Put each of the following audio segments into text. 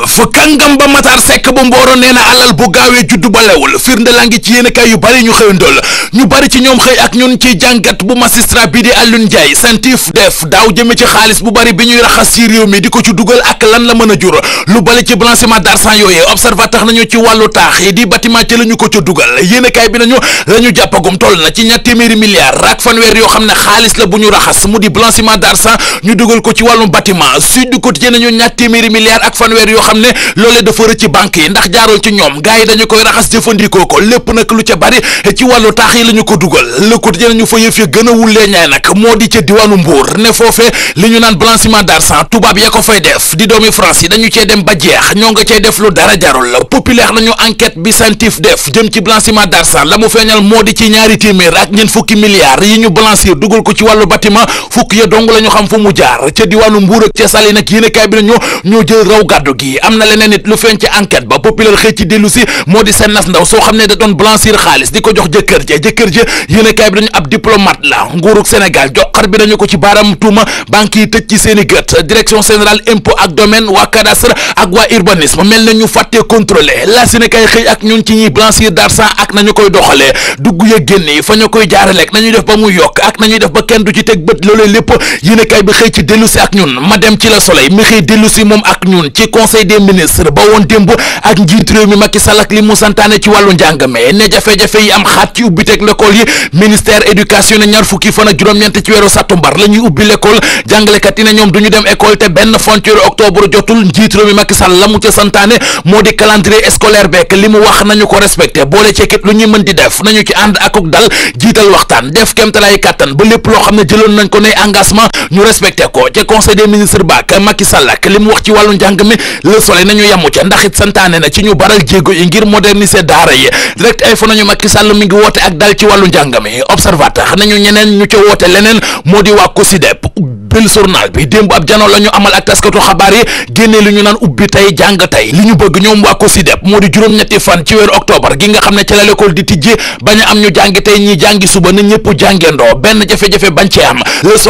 preuve kàngam ba Matar sekk ba mbooro nee na alal bu gaawee juddu ba lewul firnde laa ngi ci yéen kaay yu bari ñu xëyandool ñu bari ci ñoom xëy ak ñun ci jàngat bu magistrat bi di Alioune Ndiaye sentif def daaw jëme ci xaalis bu bari bi ñuy raxas ci réew mi di ko ci dugal ak lan la mën a jur lu bari ci blanchiment d'argent yooyee observateur nañu ci wàllu taax yi di bâtiment ci la ñu ko ca dugal yéenekaay bi nañu la ñu jàppagum toll na ci ñetti téeméeri milliards ak fanweer yoo xam ne xaalis la bu ñu raxas mu di blanchiment d'argent ñu dugal ko ci wàllum bâtiment Sud Quotidien nañu ñetti téeméeri milliards ak fanweer yoo xam ne loolee dafa rëcc banque yi ndax jaarul ci ñoom gars yi dañu koy raxas jëfandikoo ko lépp nag lu ca bari ci wàllu taax tey la ñu ko dugal le quotidien nañu fa yëf ya gën a wullee ñaay moo di ca diwaanu Mbour ne foofee li ñu naan blanchiment d'argent tubaab ya ko fay def di doomi France yi dañu cee dem ba jeex ñoo nga cey def lu dara jarul populaire nañu enquête bi santif def jëm ci blanchiment d'argent la mu feeñal moo di ci ñaari téeméer ak ñeent fukki milliards yi ñu blanchir dugal ko ci wàllu bâtiment fukki ya dong la xam fu mu jaar ca diwaanu Mbour ak ca Saly a kër ja yéen kaay bi dañu ab diplomate la nguurug Sénégal joxar bi nañu ko ci baaram tuuma yi tëj ci seen i gët direction générale impôt ak domaine waa cadastre ak waa urbanisme mel na ñu fàttee contrôlé la si xëy ak ñun ci ñuy blanchir ak nañu koy doxalee dugg ya génn yi fa ñu koy jaaraleek nañuy def ba mu yokk ak nañuy def ba kenn du ci teg bët loolee lépp yéen bi xëy ci dellusi ak ñun ma dem ci la soleil mi xëy dellusi moom ak ñun ci tëj l'école yi ministère éducation ne ñaar fukki fan juróom-ñeent ci weeru sàttumbar la ñuy ubbi l'école jàngalekat yi ñoom du dem école te benn fanweeri octobre jotul njiit réew mi Macky Sall la ca santaane moo di calendrier scolaire beek li mu wax nañu ko respecté boole ceekit lu ñuy mën di def nañu ci ànd akuk dal jiital waxtaan def kéemtalaay kàttan ba lépp loo xam ne jëloon nañ ko ne engagement ñu respecté ko ca conseil des ministres baak Macky Sall dal ci wàllu njàngame observateur nañu ñeneen ñu ca woote leneen moo di waa COSYDEP bil journal bi démb ab jano la ñu amal ak taskatu xabaar yi génne li ñu naan ubbi tey jàng tey ñu bëgg ñoom waa moo di juróom-ñetti fan ci weeru octobre gi nga xam ne ci la l'école di tijji bañ a am ñu jàngi tey ñi na ñëpp jàngendoo benn jafe-jafe cee am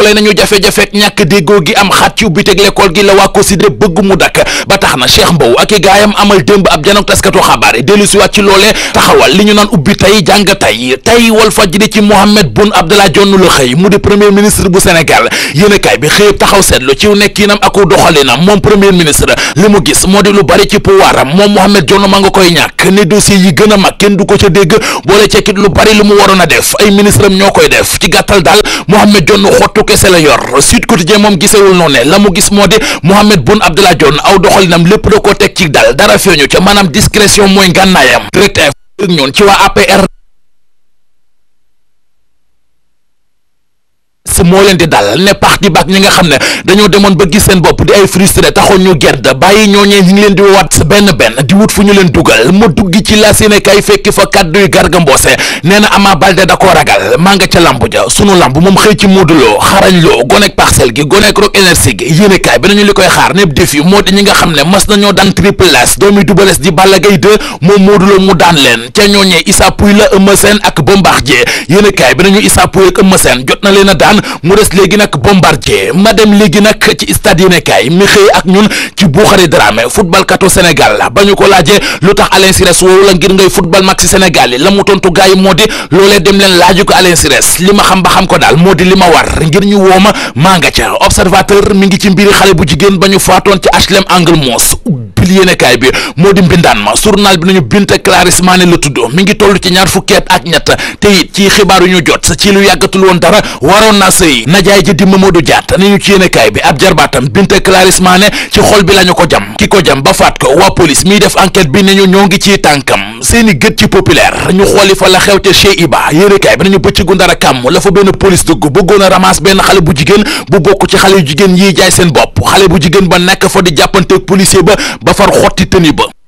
le nañu jafe ñàkk déggoo gi am xaat ci ubbi teg l'école gi la waa COSYDEP bëgg mu dakk ba tax na Cheikh Mbow ak i gaayam amal démb ab jano taskatu xabaar yi dellusiwaat ci loolee taxawal li ñu naan ubbi tey jàng tey tey wal fajri ci Mohamed Boun Abdallah Dionne la xëy mu di premier ministre bu Sénégal yéen a kaay bi xëyëb taxaw seetlu ci nekkinam ak doxalinam moom premier ministre li mu gis moo di lu bari ci pouvoiram moom Mohamed Dionne ma nga koy ñàkk ne dossier yi gën a mag kenn du ko ca dégg boole cekkit lu bari lu mu waroon a def ay ministre am ñoo koy def ci gàttal daal Mohamed Dionne xottu kese la yor Sud Quotidien moom gisewul noonu ne la mu gis moo di Mohamed Boun Abdallah Dionne aw doxalinam lépp da koo teg ci dal dara feeñu ca maanaam discrétion mooy ngànnaayam direct ñoon ci waa APR moo leen di dal ne parti baak ñi nga xam ne dañoo demoon ba gis seen bopp di ay frustré taxoon ñu gedd bàyyi ñooñee ñi ngi leen di woowaat benn benn di wut fu ñu leen dugal ma dugg ci la seen kay fekki fa kàddu yu Garga Mbossé nee Ama Baldé da koo ragal maa nga ca lamb ja sunu lamb moom xëy ci Modou Lo xarañ loo gonek parcelle gi gonek Rock Énergie gi yéene kaay bi li koy xaar ne défi moo di ñi nga xam ne mas nañoo daan Triple S doomi Double Less di Balla Gaye 2 moom Modou mu daan leen ca ñooñee Issa Pouye la Eumeu Sène ak Bombardier yéene kaay bi nañu Issa Pouye ak Eumeu Sène jot na leen a daan mu des léegi nag bombardier ma dem léegi nag ci stade yéenekaay mi xëy ak ñun ci Boukari Dramé football katu Sénégal la ba ñu ko laaje lu tax Alain Sires woowu la ngir ngay football mag si Sénégal yi la mu tontu gars moo di loolee dem leen laaju ko Alain Sires li ma xam ba xam ko daal moo di li ma war ngir ñu wooma maa nga ca observateur mi ngi ci mbiri xale bu jigéen ba ñu faatoon ci HLM Angle Mons ubbil yéenekaay bi moo di mbindaan ma journal bi nañu Binta Clarisse Mané la tudd mi ngi toll ci ñaar fukki at ak ñett te it ci xibaar yu ñu jot sa ci lu yàggatul woon dara waroon naa sëy najaay ji di du jaar te ñu ci yéenekaay bi ab jarbaatam Binta Clarisse Mané ci xol bi la ñu ko jam ki ko jam ba faat ko waa police miy def enquête bi ne ñu ñoo ngi ci tànkam seeni gët ci populaire ñu xooli fa la xew ca Cheikh Iba yéenekaay bi nañu bëccëgu ndara kàmm la fa benn police dugg bëggoon a benn xale bu jigéen bu bokk ci xale yu jigéen yiy jaay seen bopp xale bu jigéen ba nekk fa di jàppanteeg policier ba ba far xotti tëni ba